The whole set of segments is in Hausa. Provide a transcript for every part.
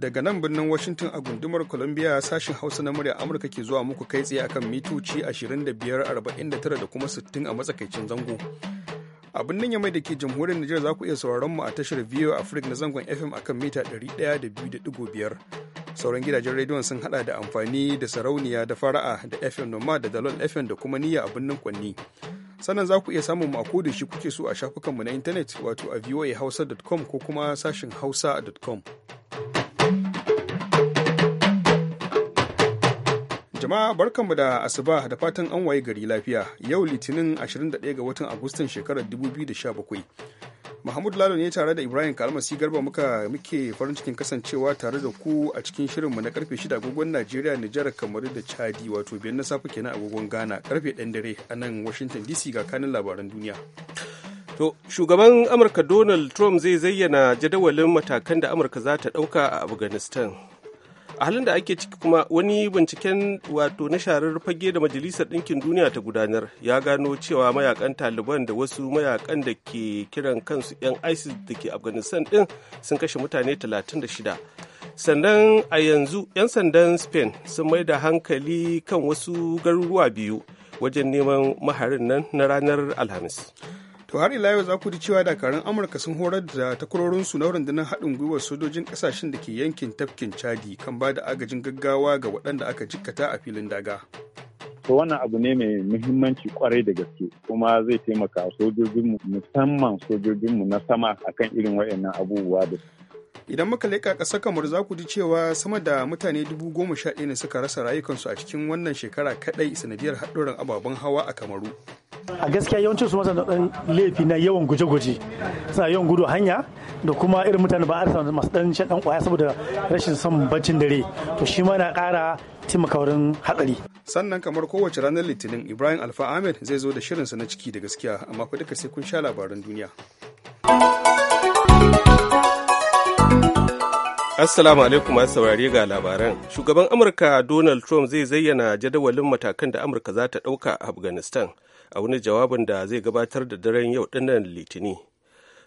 daga nan birnin washington a gundumar columbia sashen hausa na murya amurka ke zuwa muku kai tsaye akan mitoci 2549 da kuma 60 a matsakaicin zango a birnin yamai da ke jamhuriyar nijar za ku iya sauraron mu a tashar biyu afirka na zangon fm akan mita 102.5 sauran gidajen rediyon sun hada da amfani da sarauniya da fara'a da fm noma da dalol fm da kuma niyya a birnin kwanni sannan za ku iya samun mako da shi kuke so a shafukanmu na intanet wato a voahausa.com ko kuma sashin hausa.com jama'a barkanmu da asuba da fatan an waye gari lafiya yau litinin 21 ga watan agustan shekarar 2017 Mahmud Lalo ne tare da Ibrahim Kalmasi Garba muka muke farin cikin kasancewa tare da ku a cikin shirinmu na karfe 6 agogon Najeriya, Nijar, kamar da Chadi wato biyar na safe kenan agogon Ghana karfe 1 dare a nan Washington DC ga kanin labaran duniya. To, shugaban Amurka Donald Trump zai zayyana jadawalin matakan da Amurka za ta ɗauka a Afghanistan. a halin da ake ciki kuma wani binciken wato na sharar fage da majalisar ɗinkin duniya ta gudanar ya gano cewa mayakan taliban da wasu mayakan da ke kiran kansu 'yan isis da ke afghanistan ɗin sun kashe mutane 36 sannan a yanzu 'yan sandan spain sun mai da hankali kan wasu garuruwa biyu wajen neman maharin nan na ranar alhamis to har ila yau za ku ji cewa dakarun amurka sun horar da takwarorinsu na rundunar haɗin gwiwar sojojin ƙasashen da ke yankin tafkin chadi kan ba da agajin gaggawa ga waɗanda aka jikkata a filin daga to wannan abu ne mai muhimmanci kwarai da gaske kuma zai taimaka sojojinmu musamman sojojinmu na sama akan irin waɗannan abubuwa da idan muka leƙa ƙasa kamar za ku ji cewa sama da mutane dubu goma sha ɗaya ne suka rasa rayukansu a cikin wannan shekara kaɗai sanadiyar haɗurran ababen hawa a kamaru a gaskiya yawancin su masu dan laifi na yawan guje-guje suna yawan gudu hanya da kuma irin mutane ba a masu dan shan dan kwaya saboda rashin son baccin dare to shi ma na kara timakawarin wurin hatsari sannan kamar kowace ranar litinin ibrahim alfa ahmed zai zo da shirinsa na ciki da gaskiya amma ku duka sai kun sha labaran duniya Assalamu alaikum masu saurare ga labaran. Shugaban Amurka Donald Trump zai zayyana jadawalin matakan da Amurka za ta ɗauka a Afghanistan. a wani jawabin da zai gabatar da daren yau dinnan litini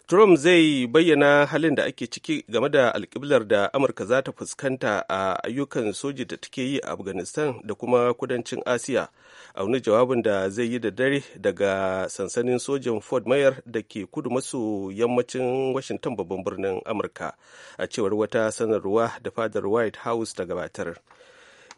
trump zai bayyana halin da ake ciki game da alkiblar da amurka za ta fuskanta a ayyukan soji da take yi a afghanistan da kuma kudancin asiya a wani jawabin da zai yi da dare daga sansanin sojin ford mayer da ke kudu maso yammacin washington babban birnin amurka a cewar wata sanarwa da fadar white house ta gabatar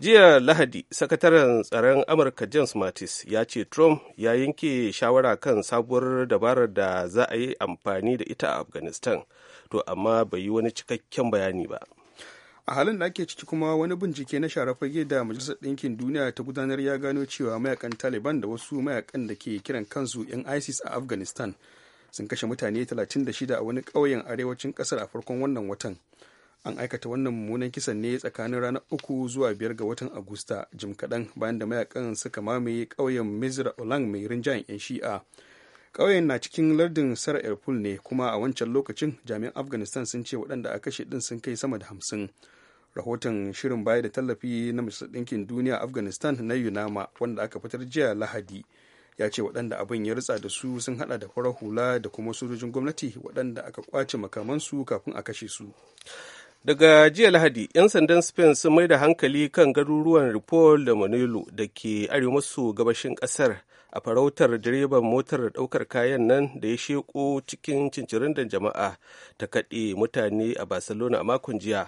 jiya lahadi sakataren tsaron amurka james mattis ya ce trump ya yanke shawara kan sabuwar dabarar da za a yi amfani da ita a afghanistan to amma bai yi wani cikakken bayani ba a halin da ake ciki kuma wani bincike na shara fage da majalisar ɗinkin duniya ta gudanar ya gano cewa mayakan taliban da wasu mayakan da ke kiran kansu 'yan isis a afghanistan sun kashe mutane 36 a wani ƙauyen arewacin ƙasar a farkon wannan watan an aikata wannan mummunan kisan ne tsakanin ranar uku zuwa biyar ga watan agusta jim kaɗan bayan da mayakan suka mamaye ƙauyen mizra olang mai rinjayen 'yan shi'a ƙauyen na cikin lardin sara erful ne kuma a wancan lokacin jami'an afghanistan sun ce waɗanda a kashe ɗin sun kai sama da hamsin rahoton shirin baya da tallafi na majalisar ɗinkin duniya afghanistan na yunama wanda aka fitar jiya lahadi ya ce waɗanda abin ya ritsa da su sun haɗa da farar hula da kuma sojojin gwamnati waɗanda aka kwace makamansu kafin a kashe su daga jiya lahadi 'yan sandan spain sun mai da hankali kan garuruwan ripoll da manilo da ke arewa maso gabashin kasar a farautar direban motar daukar kayan nan da ya sheko cikin cincirin da jama'a ta kaɗe mutane a barcelona a makon jiya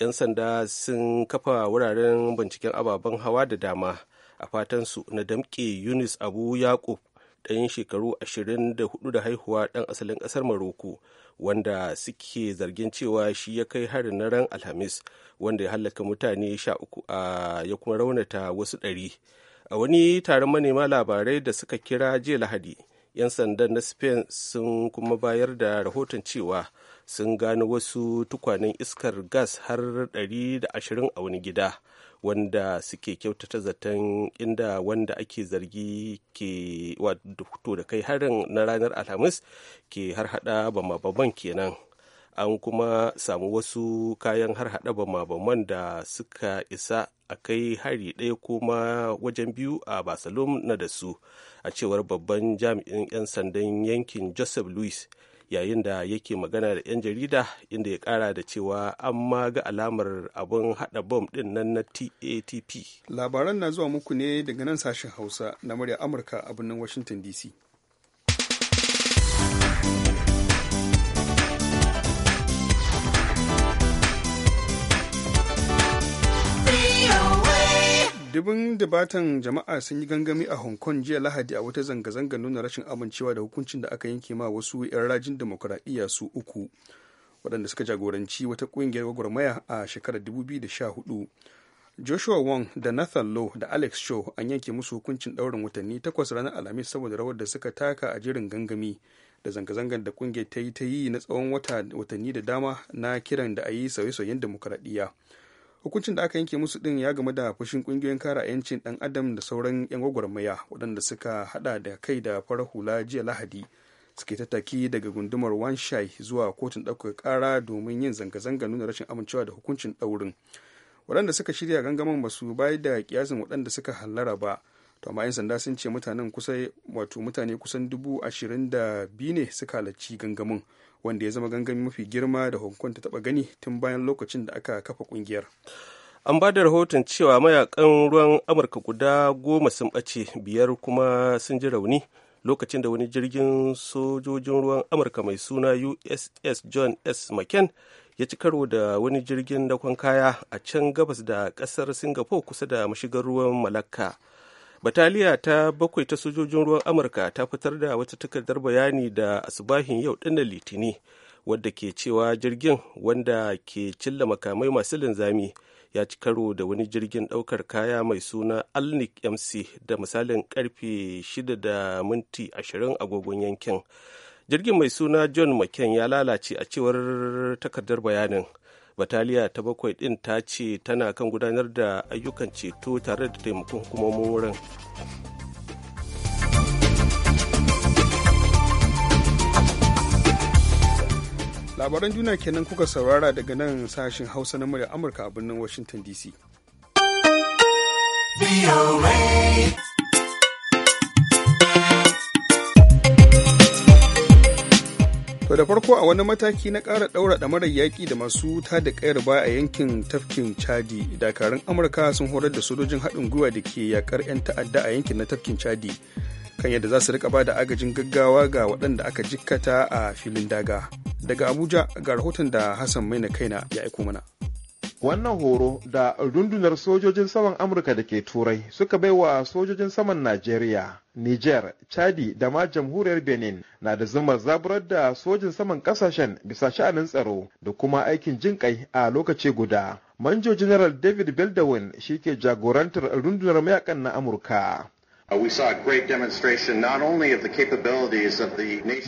'yan sanda sun kafa wuraren binciken ababen hawa da dama a fatansu na damƙe yunis abu yakub ɗan shekaru 24 da haihuwa ɗan asalin ƙasar maroko wanda suke zargin cewa shi ya kai harin na ran alhamis wanda ya hallaka mutane sha uku a ya kuma raunata wasu ɗari a wani taron manema labarai da suka kira jiya lahadi 'yan sandan na spain sun kuma bayar da rahoton cewa sun gano wasu tukwanen iskar gas har 120 a wani gida wanda suke kyautata zaton inda wanda ake zargi ke wato da kai harin na ranar alhamis ke har hada bama-baman kenan an kuma samu wasu kayan har hada bama-baman da suka isa a kai hari ɗaya kuma wajen biyu a na da su a cewar babban jami'in 'yan sandan yankin joseph louis yayin da yake magana da 'yan jarida inda ya kara da cewa an ma ga alamar abin hada bom din nan na tatp labaran na zuwa muku ne daga nan sashen hausa na murya amurka a birnin washington dc dubin dubatan jama'a sun yi gangami a hong kong jiya lahadi a wata zanga-zanga nuna rashin amincewa da hukuncin da aka yanke ma wasu 'yan rajin demokuraɗiyya su uku waɗanda suka jagoranci wata ƙungiyar gwagwarmaya a shekarar 2014 joshua wong da nathan low da alex shaw an yanke musu hukuncin ɗaurin watanni takwas ranar alhamis saboda rawar da suka taka a jirin gangami da zanga-zangar da ƙungiyar ta yi ta yi na tsawon watanni da dama na kiran da a yi sauye-sauyen demokuraɗiyya hukuncin da aka yanke musu din ya gamu da fushin kungiyoyin kara 'yancin dan adam da sauran 'yan gwagwarmaya waɗanda suka hada da kai da farar hula jiya lahadi suke tattaki daga gundumar wanshai zuwa kotun ɗaukar ƙara domin yin zanga-zanga nuna rashin amincewa da hukuncin ɗaurin waɗanda suka shirya gangamin ba su da kiyasin waɗanda suka hallara ba to amma 'yan sanda sun ce mutanen kusa wato mutane kusan dubu ashirin da biyu ne suka halarci gangamin wanda ya zama gangami mafi girma da hong kong ta taba gani tun bayan lokacin da aka kafa kungiyar an ba da rahoton cewa mayakan ruwan amurka guda goma sun ɓace biyar kuma sun ji rauni lokacin da wani jirgin sojojin ruwan amurka mai suna uss john s mccain ya ci karo da wani jirgin dakon kaya a can gabas da kasar singapore kusa da mashigar ruwan malakka bataliya ta bakwai ta sojojin ruwan amurka ta fitar da wata takardar bayani da asubahin yau dinnan litini wadda ke cewa jirgin wanda ke cilla makamai masu linzami ya ci karo da wani jirgin daukar kaya mai suna alnik mc da misalin karfe 6 da minti 20 agogon yankin jirgin mai suna john mccain ya lalace a cewar takardar bayanin bataliya ta bakwai din ta ce tana kan gudanar da ayyukan ceto tare da taimakon hukumomin wurin labaran juna kenan kuka saurara daga nan sashen hausa na murya amurka a birnin washington dc To da farko a wani mataki na ƙara ɗaura ɗamarar yaƙi da masu wuta da ƙayar ba a yankin tafkin Chadi, dakarun Amurka sun horar da sojojin haɗin gwiwa da ke yaƙar 'yan ta'adda a yankin na tafkin Chadi kan yadda za su rika ba da agajin gaggawa ga waɗanda aka jikkata a filin daga. Daga Abuja ga rahoton da Hassan Maina kaina ya aiko mana. wannan horo da rundunar sojojin saman amurka da ke turai suka bai wa sojojin saman najeriya niger chadi da ma jamhuriyar benin na da zumar zaburar da sojin saman kasashen bisa sha'anin tsaro da kuma aikin jin kai a lokaci guda manjo general david beldawin shi ke jagorantar rundunar mayakan na amurka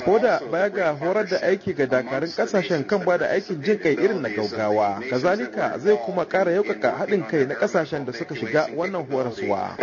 Ko da baya ga horar da aiki ga dakarun kasashen kan ba da aikin jin kai irin na gaugawa, kazalika zai kuma ƙara yaukaka haɗin kai na kasashen da suka shiga wannan horaswa.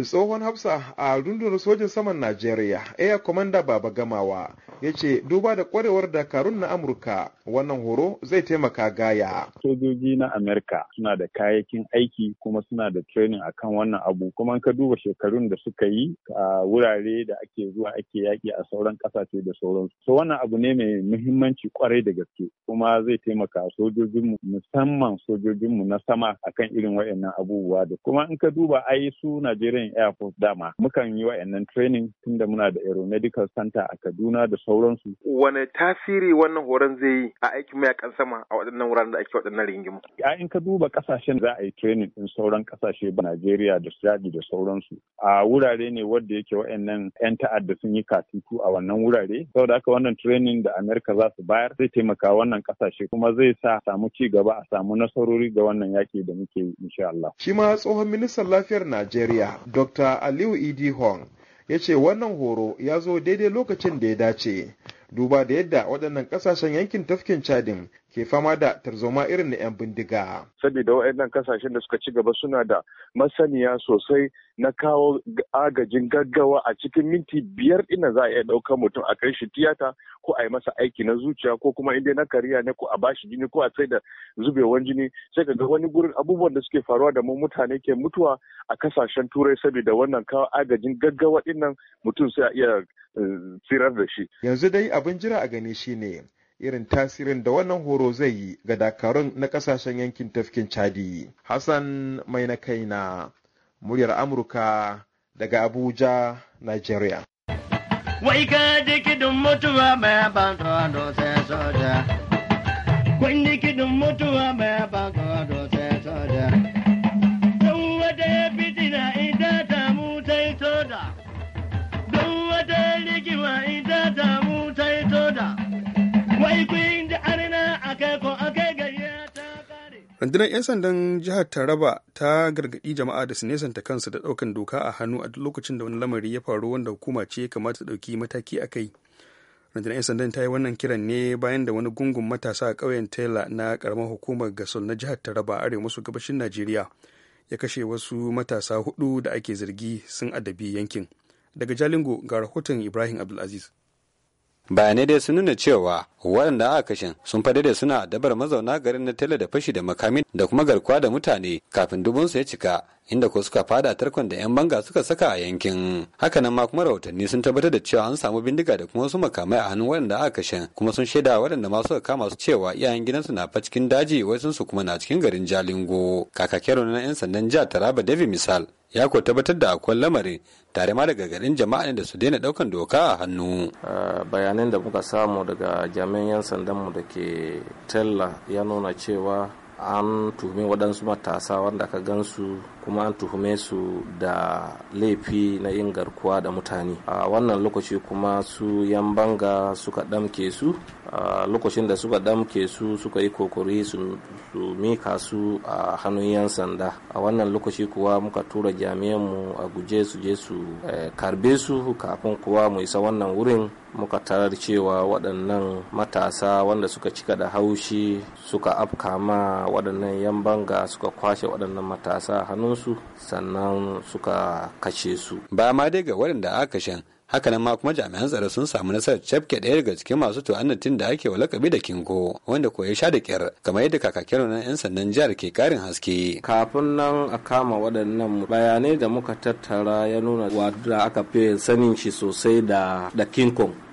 Tsohon Hafsa a rundunar sojin saman Najeriya, Air Commander Baba Gamawa, ya ce duba da kwarewar dakarun na Amurka, wannan horo zai taimaka gaya. Sojoji na Amurka suna da kayayyakin aiki kuma suna da training akan wannan abu kuma ka duba shekarun da suka yi a wurare da ake zuwa ake yaƙi a sauran ƙasashe da sauransu so wannan abu ne mai muhimmanci kwarai da gaske kuma zai taimaka sojojinmu musamman sojojinmu na sama akan irin waɗannan abubuwa da kuma in ka duba ai su Nigerian Air Force dama mukan yi wa'annan training tunda muna da aeromedical center a Kaduna da sauransu wane tasiri wannan horon zai yi a aikin mayakan sama a waɗannan wuraren da ake waɗannan rigima? Ya in ka duba ƙasashen za a yi training din sauran kasashe ba Najeriya da Chadi da sauransu. A wurare ne wadda yake wa'annan 'yan ta'adda sun yi katutu a wannan wurare. Saboda haka wannan training da Amerika za su bayar zai taimaka wannan kasashe kuma zai sa samu ci gaba a samu nasarori ga wannan yaki da muke yi insha Allah. Shi ma tsohon ministan lafiyar Najeriya Dr. Aliyu Idi Hong ya ce wannan horo ya zo daidai lokacin da ya dace. duba da yadda waɗannan ƙasashen yankin tafkin chadin ke fama da tarzoma irin na 'yan bindiga. Saboda waɗannan kasashen da suka ci gaba suna da masaniya sosai na kawo agajin gaggawa a cikin minti biyar ina za a iya ɗaukar mutum a kai shi tiyata ko a yi masa aiki na zuciya ko kuma inda na kariya ne ko a bashi jini ko a sai da zubewan jini sai ka ga wani gurin abubuwan da suke faruwa da mu mutane ke mutuwa a kasashen turai saboda wannan kawo agajin gaggawa ɗin nan mutum sai a iya eh, tsirar da shi. Yanzu dai abin jira a gani shine irin tasirin da wannan horo zai yi ga dakarun na kasashen yankin tafkin chadi hassan mai na kaina muryar amurka daga abuja nigeria wai ka dikidin mutuwa mai bantuwa sai soja kun dikidin mutuwa mai bantuwa rundunar 'yan sandan jihar taraba ta gargaɗi jama'a da su nesanta kansu da ɗaukan doka a hannu a duk lokacin da wani lamari ya faru wanda hukuma ce kamata ta ɗauki mataki a kai rundunar 'yan sandan ta yi wannan kiran ne bayan da wani gungun matasa a ƙauyen taylor na ƙaramar hukumar gasol na jihar taraba a arewa maso gabashin najeriya ya kashe wasu matasa hudu da ake zargi sun adabi yankin daga jalingo ga rahoton ibrahim abdulaziz bayanai dai sun nuna cewa waɗanda aka kashe sun fadi da suna dabar mazauna garin na tele da fashi da makami da kuma garkuwa da mutane kafin dubunsu ya cika inda ko suka fada tarkon da 'yan banga suka saka a yankin hakanan ma kuma rahotanni sun tabbatar da cewa an samu bindiga da kuma wasu makamai a hannun waɗanda aka kashe kuma sun shaida waɗanda ma suka kama su cewa iyayen gidansu na fa cikin daji wai sun su kuma na cikin garin jalingo kakakin na 'yan sandan jihar taraba david misal ya ko tabbatar da akwai lamarin tare ma daga garin jama'a da su daina ɗaukan doka a hannu. bayanan da muka samu daga jami'an 'yan sandanmu da ke tella ya nuna cewa an tuhumi waɗansu matasa wanda ka gansu kuma an tuhume su da laifi na yin garkuwa da mutane a wannan lokaci kuma su yan banga suka ɗamke su lokacin da suka ɗamke su suka yi kokori su su mika su a hannun 'yan sanda a wannan lokaci kuwa muka tura jami'an mu a guje su je su eh, karbe su kafin kuwa mu isa wannan wurin muka tarar cewa waɗannan matasa wanda suka cika da haushi suka afka ma waɗannan yan banga suka kwashe waɗannan matasa hannunsu sannan suka kashe su ba ma dai ga waɗanda aka shan hakanan ma kuma jami'an tsaro sun samu nasarar cafke ɗaya daga cikin masu tu'annatin da ake wa lakabi da kingo wanda ko ya sha da kyar kamar yadda kakakin na 'yan sandan jihar ke karin haske kafin nan a kama waɗannan bayanai da muka tattara ya nuna wadda aka fi sanin shi sosai da da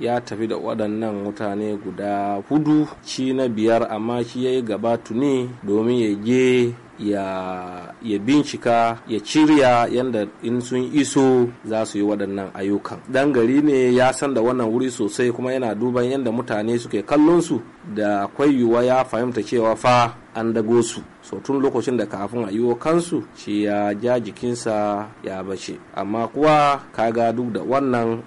ya tafi da waɗannan mutane guda hudu shi na biyar amma shi ya yi gaba tuni domin ya je ya, ya bincika ya cirya yadda in sun iso za su yi waɗannan ayyukan dan gari ne ya san da wannan wuri sosai kuma yana duban yadda mutane suke kallon su da akwai yiwuwa ya fahimta cewa fa an dago su so tun lokacin da kafin a yiwo kansu shi ya ja jikinsa ya bace amma kuwa kaga duk da wannan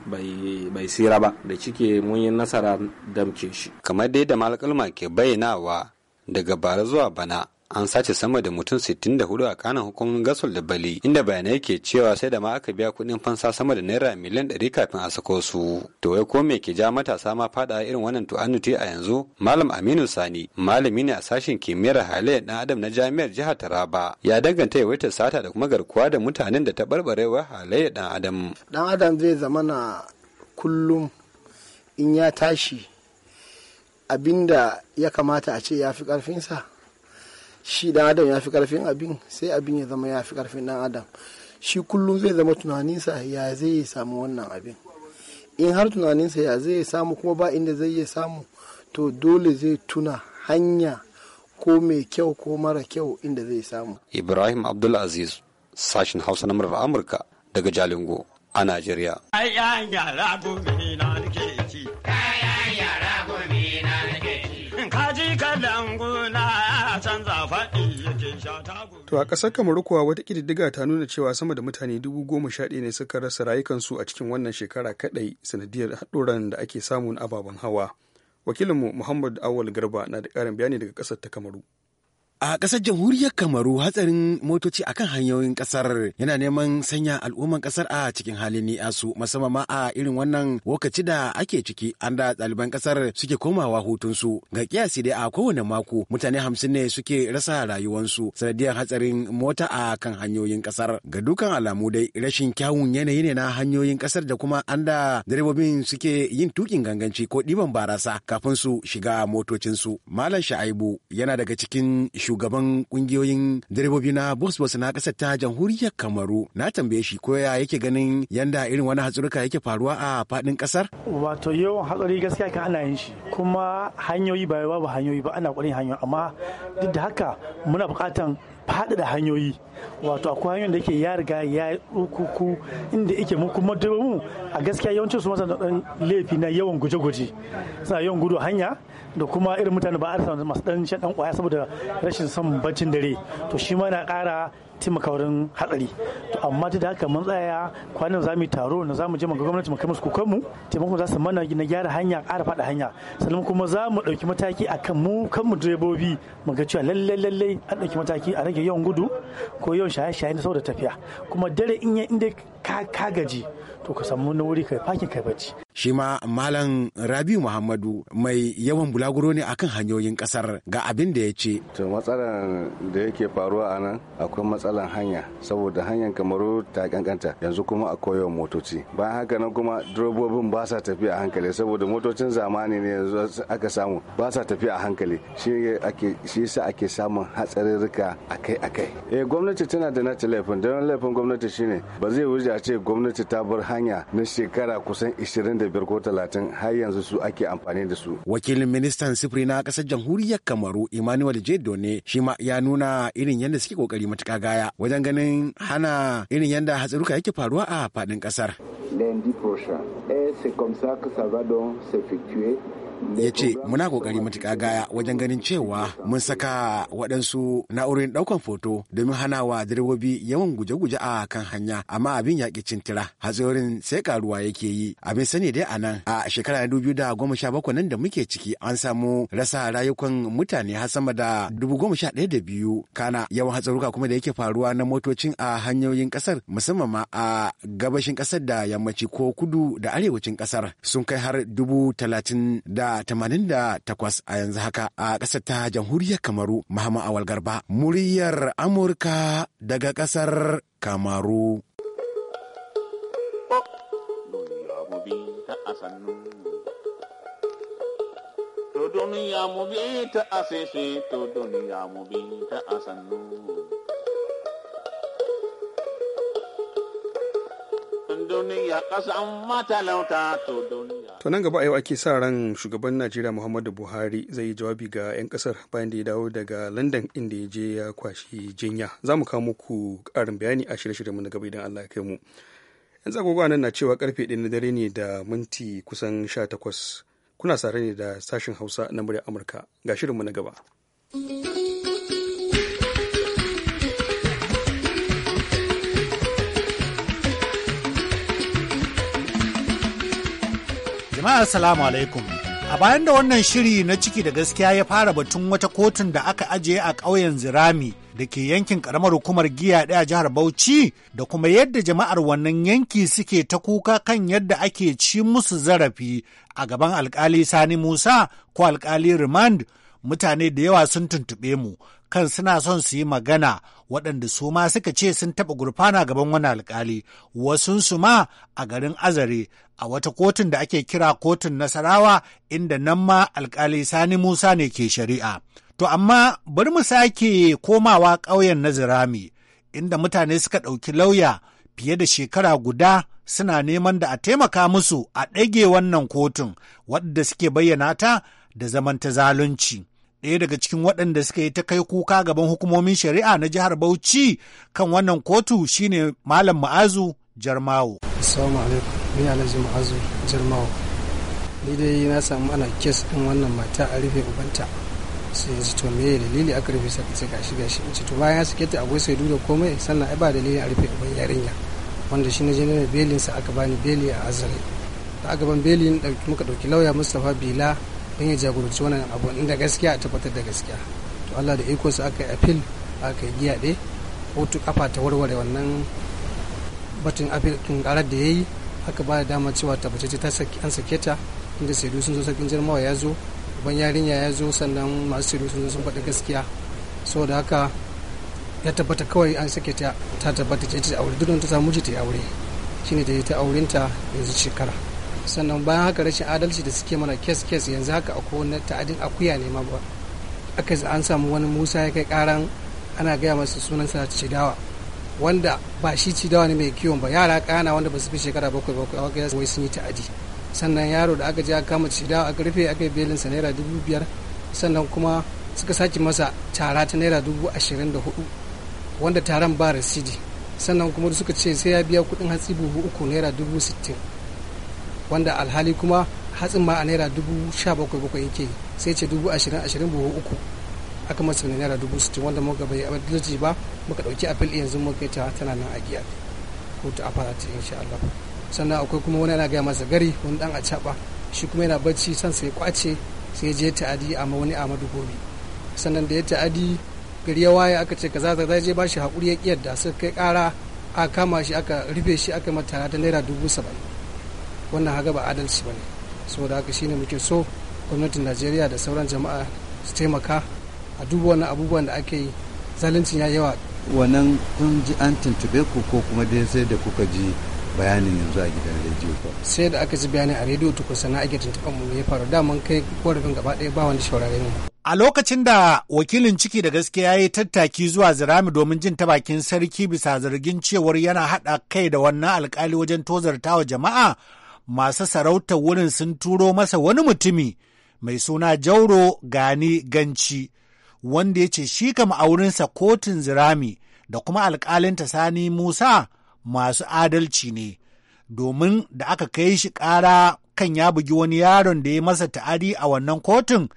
bai sira ba da cike mun yi nasara damce shi kamar dai da malakalma ke bayyanawa daga bara zuwa bana an sace sama da mutum 64 a kanan hukumar gasol da bali inda bayanai ke cewa sai da ma aka biya kuɗin fansa sama da naira miliyan 100 kafin a sako su to wai ko me ke ja matasa ma fada irin wannan tu'annuti a yanzu malam aminu sani malami ne a sashen kimiyyar halayyar dan adam na jami'ar jihar taraba ya danganta yawaitar sata da kuma garkuwa da mutanen da ta barbarewa halayyar dan adam dan adam zai zama na kullum in ya tashi abinda ya kamata a ce ya fi karfinsa shi dan adam ya fi karfin abin sai abin ya zama ya fi karfin dan adam shi kullum zai zama tunaninsa ya zai samu wannan abin in har tunaninsa ya zai samu kuma ba inda zai ya samu to dole zai tuna hanya ko mai kyau ko mara kyau inda zai samu ibrahim abdulaziz sashin hausa na murar amurka daga jalingo a najeriya To a ƙasar kamar kuwa wata ƙididdiga ta nuna cewa sama da mutane dubu goma sha ɗaya ne suka rasa rayukansu a cikin wannan shekara kaɗai sanadiyar haɗoran da ake samun ababen hawa. Wakilinmu Muhammad Awal Garba na da ƙarin bayani daga ƙasar ta Kamaru. A ƙasar jamhuriyar Kamaru hatsarin motoci akan hanyoyin ƙasar yana neman sanya al'umman ƙasar a cikin halin ni'asu musamman ma a irin wannan lokaci da ake ciki an da ɗaliban ƙasar suke komawa hutunsu. Ga kiyasi dai a kowane mako mutane hamsin ne suke rasa rayuwansu sanadiyar hatsarin mota a kan hanyoyin ƙasar. Ga dukan alamu dai rashin kyawun yanayi ne na hanyoyin ƙasar da kuma an da direbobin suke yin tukin ganganci ko ɗiban barasa kafin su shiga motocinsu. Malam Sha'aibu yana daga cikin shugaban kungiyoyin direbobi na bus bus na ƙasar ta jamhuriyar kamaru na tambaye shi ko ya yake ganin yanda irin wani hatsurka yake faruwa a fadin kasar. wato yawan hatsari gaskiya kan ana yin shi kuma hanyoyi ba babu hanyoyi ba ana ƙwarin hanyoyi amma duk da haka muna buƙatan faɗaɗa hanyoyi wato akwai hanyoyin da yake ya riga ya ukuku inda yake mu kuma mu a gaskiya yawancin su masa da dan laifi na yawan guje-guje suna yawan gudu hanya da kuma irin mutane ba a masu dan shan dan kwaya saboda rashin son baccin dare to shi ma na ƙara taimaka wurin hatsari to amma da haka mun tsaya kwanan za mu taro na za mu je mu ga gwamnati mu kai musu kukanmu taimakon za su mana na gyara hanya ƙara faɗa hanya sannan kuma za mu ɗauki mataki akan mu mu direbobi mu ga cewa lallai lallai an ɗauki mataki a rage yawan gudu ko yawan shaye-shaye na saboda tafiya kuma dare in ya inda ka gaji to ka samu na wuri kai fakin kai bacci shi ma malam rabi muhammadu mai yawan bulaguro ne akan hanyoyin kasar ga abin da ya ce to matsalar da yake faruwa a nan akwai matsalar hanya saboda hanyar kamaru ta kankanta yanzu kuma akwai yawan motoci bayan haka nan kuma durobobin ba sa tafiya a hankali saboda motocin zamani ne yanzu aka samu ba sa tafiya a hankali shi yasa ake samun hatsarurruka akai-akai eh gwamnati tana da nata laifin don laifin gwamnati shine ba zai wuce a ce gwamnati ta bar hanya na shekara kusan 20 35 ko 30 har yanzu su ake amfani da su. Wakilin ministan sifiri na kasar jamhuriyar Kamaru Emmanuel Jedo ne shi ma ya nuna irin yadda suke kokari matuƙa gaya wajen ganin hana irin yadda hatsaruka yake faruwa a faɗin ƙasar. Lundi prochain. Et c'est comme ça que ça va donc s'effectuer ya ce muna kokari matuƙa gaya wajen ganin cewa mun saka waɗansu na'urorin ɗaukan foto domin hana wa direbobi yawan guje-guje a kan hanya amma abin ya ƙi cintira hatsarin sai karuwa yake yi abin sani dai a nan a shekara dubu da goma sha bakwai nan da muke ciki an samu rasa rayukan mutane har sama da dubu goma sha ɗaya da biyu kana yawan hatsaruka kuma da yake faruwa na motocin a hanyoyin ƙasar musamman ma a gabashin ƙasar da yammaci ko kudu da arewacin ƙasar sun kai har dubu talatin da da a yanzu haka a ƙasar ta jamhuriyar Kamaru mahama Awal Garba muryar Amurka daga ƙasar Kamaru. To duniya mu bi ta asese, to duniya mu bi ta asannu. duniya matalauta to duniya to nan gaba a yau ake sa ran shugaban najeriya muhammadu buhari zai yi jawabi ga 'yan kasar bayan da ya dawo daga london inda ya je ya kwashi jinya za mu kawo muku karin bayani a shirye-shiryen mu na gaba idan allah ya kai mu yan zagogo nan na cewa karfe 1 na dare ne da minti kusan 18 kuna sare ne da sashen hausa na murya amurka ga shirin mu na gaba jama'a assalamu alaikum a bayan da wannan shiri na ciki da gaskiya ya fara batun wata kotun da aka ajiye a ƙauyen zirami da ke yankin karamar hukumar giya ɗaya jihar Bauchi da kuma yadda jama'ar wannan yanki suke ta kuka kan yadda ake ci musu zarafi a gaban alkali Sani Musa ko alkali Rimand, mutane da yawa sun tuntuɓe mu kan suna son su yi magana waɗanda su ma suka ce sun taɓa gurfana gaban wani alkali su ma a garin azare a wata kotun da ake kira kotun Nasarawa inda nan ma alkali Sani Musa ne ke shari'a. To amma bari mu sake komawa ƙauyen na Zirami inda mutane suka ɗauki lauya fiye da shekara guda suna neman da a taimaka musu a ɗage wannan kotun wadda suke bayyana ta da zaman ta zalunci. ɗaya daga cikin waɗanda suka yi ta kai kuka gaban hukumomin shari'a na jihar Bauchi kan wannan kotu shine Malam Ma'azu Jarmawo. Assalamu alaikum. ni alhaji ma'azu jirmawa ni dai na samu ana kes din wannan mata a rufe ubanta sai yanzu to me dalili aka rufe sa kace gashi gashi in ce to bayan ya ta abu sai da komai sannan ai ba dalilin a rufe uban yarinya wanda shi na je na belin sa aka bani beli a azare da aka ban belin muka dauki lauya Mustapha Bila dan ya jagoranci wannan abu inda gaskiya a tabbatar da gaskiya to Allah da iko sa aka yi appeal aka yi giya ɗaya kotu kafa ta warware wannan batun appeal karar da ya yi. aka ba da dama cewa tabbatacce ta an sake ta inda sai sun zo sarkin jirmawa ya zo uban yarinya ya zo sannan masu sai sun zo sun faɗi gaskiya saboda haka ya tabbata kawai an sake ta ta tabbata ce ta aure duk ta samu ji ta aure shine da ta ta yanzu shekara sannan bayan haka rashin adalci da suke mana kes kes yanzu haka akwai wani ta'adin akuya ne ma ba aka an samu wani musa ya kai karan ana gaya masa sunansa cidawa wanda ba shi ci dawa ne mai kiwon ba yara kana wanda ba su fi shekara bakwai bakwai a wakilai sun yi ta'adi sannan yaro da aka je aka kama ci dawa aka rufe aka yi belinsa naira dubu biyar sannan kuma suka sake masa tara ta naira dubu ashirin da hudu wanda taron ba rasidi sannan kuma suka ce sai ya biya kudin hatsi buhu uku naira dubu sittin wanda alhali kuma hatsin ma a naira dubu sha bakwai bakwai yake sai ce dubu ashirin ashirin buhu uku aka masa ne naira dubu sittin wanda muka bai adalci ba muka ɗauki fili yanzu muka ta tana nan a giya ko ta a farati insha Allah sannan akwai kuma wani yana gaya masa gari wani dan a caba shi kuma yana bacci san sai kwace sai je ta'adi a wani amadu gobe sannan da ya ta'adi gari ya waye aka ce kaza za je ba shi hakuri ya kiyarda sai kai kara a kama shi aka rufe shi aka mata da naira dubu saba'in wannan haga ba adalci ba ne saboda haka shine muke so gwamnatin najeriya da sauran jama'a su taimaka a duba wani abubuwan da ake yi zaluncin ya yawa wannan kun ji an tuntube ku ko kuma dai sai da kuka ji bayanin yanzu a gidan rediyo ko sai da aka ji bayanin a rediyo tukun sannan ake tuntuban mu ya faru daman kai korafin gaba ɗaya ba wani shaurare mu a lokacin da wakilin ciki da gaskiya ya yi tattaki zuwa zirami domin jin ta bakin sarki bisa zargin cewar yana haɗa kai da wannan alkali wajen tozarta wa jama'a masu sarautar wurin sun turo masa wani mutumi mai suna jauro gani ganci wanda ya ce shi kam a wurinsa kotun zirami da kuma alkalinta sani Musa masu adalci ne, domin da aka kai shi ƙara kan ya bugi wani yaron da ya masa ta'adi a wannan kotun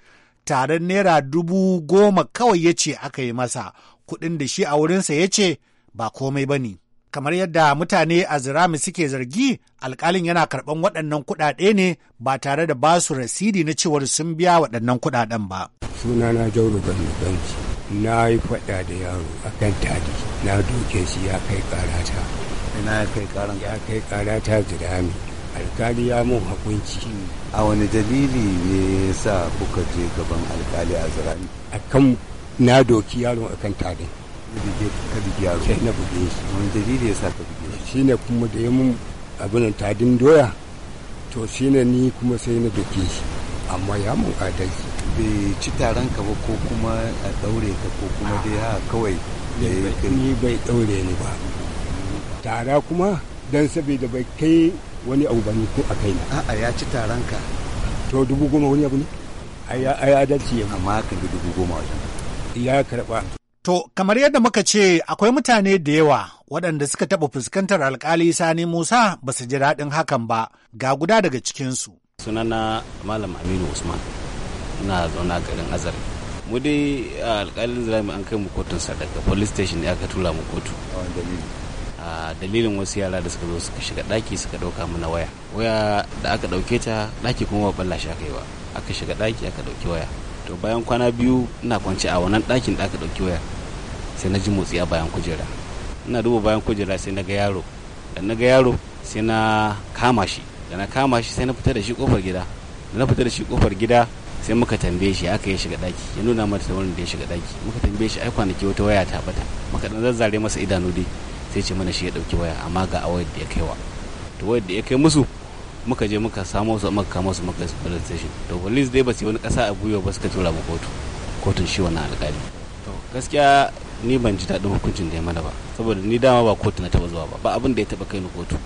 tare naira dubu goma kawai ya ce aka yi masa kuɗin da shi a wurinsa ya ce ba komai ba ne. Kamar yadda mutane a zirami suke zargi alkalin yana karɓan waɗannan kuɗaɗe ne ba tare da basu rasidi na cewar sun biya waɗannan kuɗaɗen ba. Suna na jauro gani banci. na yi faɗa da yaro akan tadi na doke shi ya kai karata ina ya kai karan ya kai karata jirami alkali ya mun hukunci a wani dalili ne sa kuka je gaban alkali a zirami akan na doki yaro akan tadin ka bugi yaro sai na buge shi wani dalili ya sa ka buge shi shine kuma da ya mun abin tadin doya to shine ni kuma sai na doke shi amma ya mun adalci bai ci taron ka ba ko kuma a daure ka ko kuma dai ha kawai da ya ni bai daure ni ba tara kuma dan saboda bai kai wani abu bane ko a kaina a'a ya ci taron ka to dubu goma wani abu ne aya ya adalci ya amma kan dubu goma wajen ya karba To, kamar yadda muka ce, akwai mutane da yawa waɗanda suka taɓa fuskantar alkali Sani Musa ba su ji daɗin hakan ba, ga guda daga cikinsu. Sunana Malam Aminu Usman. ina zauna garin azare mu dai alƙalin zirami an kai mu kotun sadaka police station ne aka tura mu kotu a dalilin wasu yara da suka zo suka shiga daki suka ɗauka mana waya waya da aka ɗauke ta daki kuma ba balla shi aka yi ba aka shiga daki aka dauki waya to bayan kwana biyu ina kwance a wannan dakin da aka dauki waya sai na ji motsi a bayan kujera ina duba bayan kujera sai na ga yaro da na ga yaro sai na kama shi da na kama shi sai na fita da shi kofar gida da na fita da shi kofar gida sai muka tambaye shi aka ya shiga daki ya nuna mata da wanda ya shiga daki muka tambaye shi ai kwanaki wata waya ta bata muka dan zazzare masa idanu dai sai ce mana shi ya dauki waya amma ga wayar da ya kaiwa to wayar da ya kai musu muka je muka samo su muka kama su muka su police station to police dai ba su yi wani kasa a gwiwa ba suka tura mu kotu kotun shi wannan alƙali to gaskiya ni ban ji daɗin hukuncin da ya mana ba saboda ni dama ba kotu na taɓa zuwa ba ba abin da ya taɓa kai ni kotu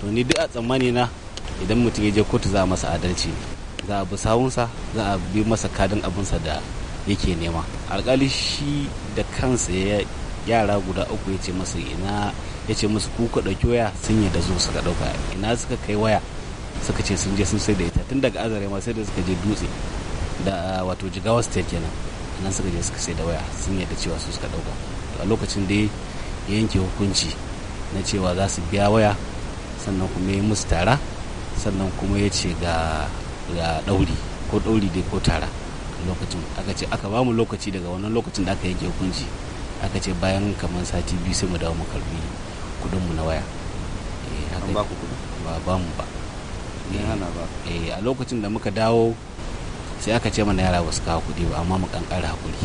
to ni duk a tsammani na idan mutum ya je kotu za a masa adalci za a bi sawunsa za a bi masa kadin abinsa da yake nema alkali shi da kansa ya yara guda uku ya ce masa ina ya ce musu kuka ɗauki sun yi da zo suka ɗauka ina suka kai waya suka ce sun je sun sai da ita tun daga azare ma sai da suka je dutse da wato jigawa state kenan nan suka je suka sai da waya sun yadda cewa su suka ɗauka to a lokacin da ya yanke hukunci na cewa za su biya waya sannan kuma ya musu tara sannan kuma ya ce ga ga ɗauri ko ɗauri dai ko tara lokacin aka ce aka ba mu lokaci daga wannan lokacin da aka yanke hukunci aka ce bayan kamar sati biyu sai mu dawo mu karbi kudin mu na waya eh an ba ku kudi ba ba mu ba ne hana ba eh a lokacin da muka dawo sai aka ce mana yara ba kawo kudi ba amma mu kan ƙara hakuri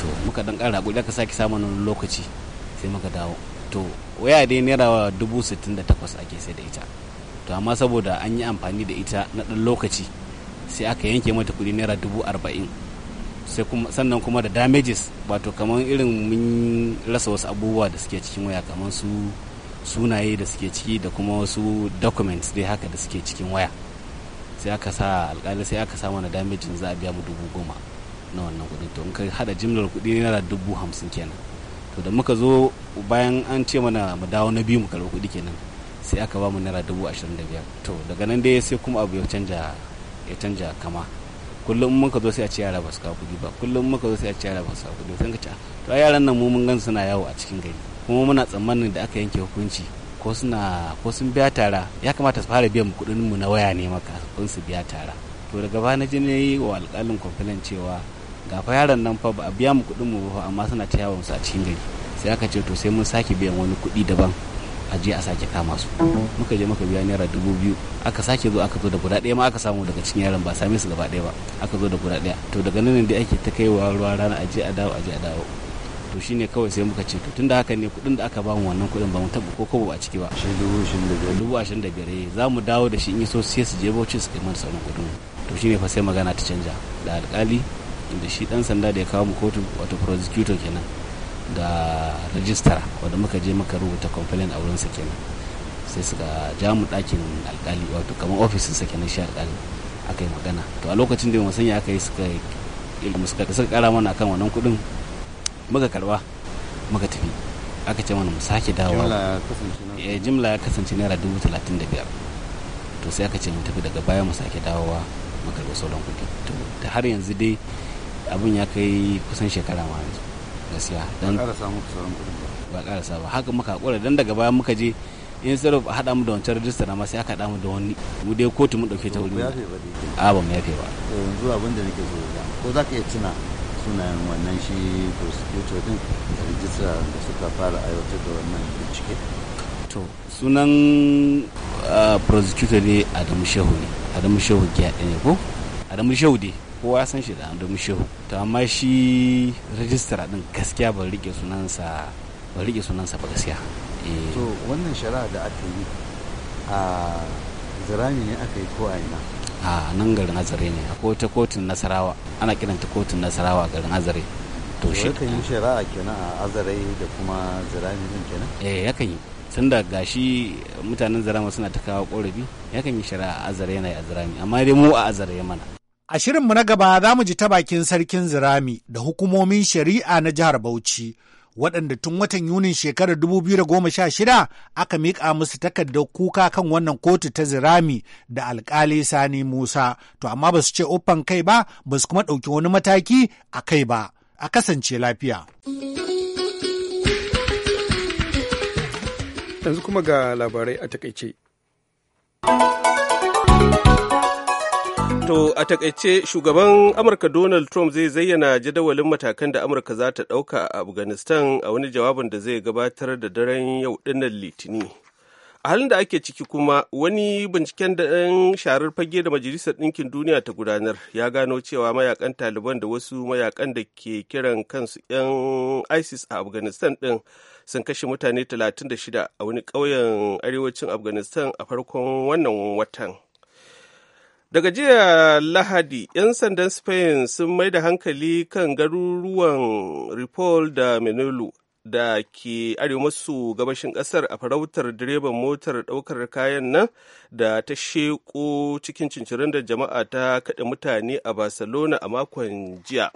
to muka dan ƙara hakuri aka saki samun wani lokaci sai muka dawo to waya dai naira dubu sittin da takwas ake sai da ita to amma saboda an yi amfani da ita na ɗan lokaci sai aka yanke mata kuɗi naira dubu arba'in sai kuma sannan kuma da damages wato kamar irin mun rasa wasu abubuwa da suke cikin waya kamar su sunaye da suke ciki da kuma wasu documents dai haka da suke cikin waya sai aka sa alkali sai aka sa mana damages za a biya mu dubu goma na wannan kuɗin to in ka hada jimlar kuɗi naira dubu hamsin kenan to da muka zo bayan an ce mana mu dawo na biyu mu karɓi kuɗi kenan sai aka ba mu naira dubu ashirin da biyar to daga nan dai sai kuma abu ya canja ya canja kama kullum muka zo sai a ci yara ba su kawo kuɗi ba kullum muka zo sai a ci yara ba su kawo kuɗi sun ka ce ah, to yaran nan mu mun gan suna yawo a cikin gari kuma muna tsammanin da aka yanke hukunci ko suna ko sun biya tara ya kamata su fara biyan kuɗin mu na waya ne maka kun su biya tara to daga baya na je ne yi wa alƙalin complain cewa ga fa yaran nan fa ba a biya mu kuɗin mu ba amma suna ta yawon su a cikin gari sai aka ce to sai mun sake biyan wani kuɗi daban a je a sake kama su muka je muka biya naira dubu biyu aka sake zo aka zo da guda ɗaya ma aka samu daga cikin yaran ba same su gaba ɗaya ba aka zo da guda ɗaya to daga nan da ake ta kaiwa ruwa rana a je a dawo a je a dawo to shine kawai sai muka ce to tunda haka ne kuɗin da aka bamu wannan kuɗin ba mu taɓa ko kobo a ciki ba shi dubu ashirin da biyar dubu ashirin da biyar eh, za mu dawo da shi in so sai su je bauchi su kai mana sauran kuɗin to shine fa sai magana ta canja da alƙali da shi ɗan sanda da ya kawo mu kotu wato prosecutor kenan da rajistara wanda muka je muka rubuta complaint a wurinsa kenan sai suka ja mu ɗakin alkali wato kamar ofisin sa kenan shi alkali aka yi magana to a lokacin da mu sanya aka yi suka suka suka kara mana kan wannan kuɗin muka karba muka tafi aka ce mana mu sake dawowa jimla eh, ya kasance naira dubu talatin da biyar to sai aka ce mu tafi daga baya mu sake dawowa muka karba sauran kuɗi to da har yanzu dai abin ya kai kusan shekara ma yanzu gaskiya don ba ƙarasa ba haka muka haƙura don daga baya muka je in sarrafa a haɗa mu da wancan rajista na masu ya haɗa mu da wani mu dai kotu mu ɗauke ta wuri a ba mu yafe ba yanzu abin da nake so da ko za ka iya tuna sunayen wannan shi prosecutor din da rajista da suka fara aiwatar da wannan bincike to sunan ah, prosecutor ne adamu shehu ne adamu shehu giya ne ko adamu shehu dai kowa san shi da Adamu Shehu to amma shi rajistara din gaskiya ban rike sunansa ban rike sunansa ba gaskiya eh. to wannan shari'a da aka yi a zirani ne aka yi ko a ina a nan garin azare ne a kota kotun nasarawa ana kiranta kotun nasarawa garin azare to shi yakan yi shari'a kenan a azare da kuma zirani din kenan eh yakan yi tun da gashi mutanen zarama suna ta kawo korafi yakan yi shari'a a azare yana a zirami amma dai mu a azare mana A shirinmu na gaba za mu ji ta bakin sarkin zirami da hukumomin shari'a na jihar Bauchi, waɗanda tun watan Yunin shekarar 2016 aka miƙa musu takardar kuka kan wannan kotu ta zirami da alƙali Sani Musa, to amma ba su ce uffan kai ba, ba su kuma ɗauki wani mataki a kai ba. A kasance lafiya. Yanzu kuma ga labarai a takaice. To a takaice shugaban Amurka Donald Trump zai zayyana jadawalin matakan da Amurka za ta ɗauka a Afghanistan a wani jawabin da zai gabatar da daren yau dinnan Litini. A halin da ake ciki kuma wani binciken da ɗan sharar fage da Majalisar Ɗinkin Duniya ta gudanar ya gano cewa mayakan Taliban da wasu mayakan da ke kiran kansu 'yan ISIS a Afghanistan ɗin sun kashe mutane 36 a wani ƙauyen arewacin Afghanistan a farkon wannan watan. Daga jiya Lahadi, 'yan sandan Spain sun mai da hankali kan garuruwan Ripoll da Menelo da ke arewa masu gabashin ƙasar a farautar direban motar ɗaukar kayan nan da ta sheƙo cikin cincirin da jama'a ta kaɗa mutane a Barcelona a makon jiya.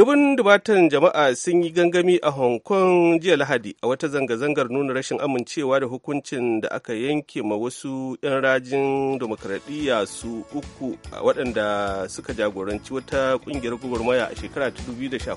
Dubin dubatan jama'a sun yi gangami a Hong Kong jiya Lahadi a wata zanga-zangar nuna rashin amincewa da hukuncin da aka yanke ma wasu 'yan rajin demokradiyya su uku waɗanda suka jagoranci wata ƙungiyar gwagwarmaya a shekara ta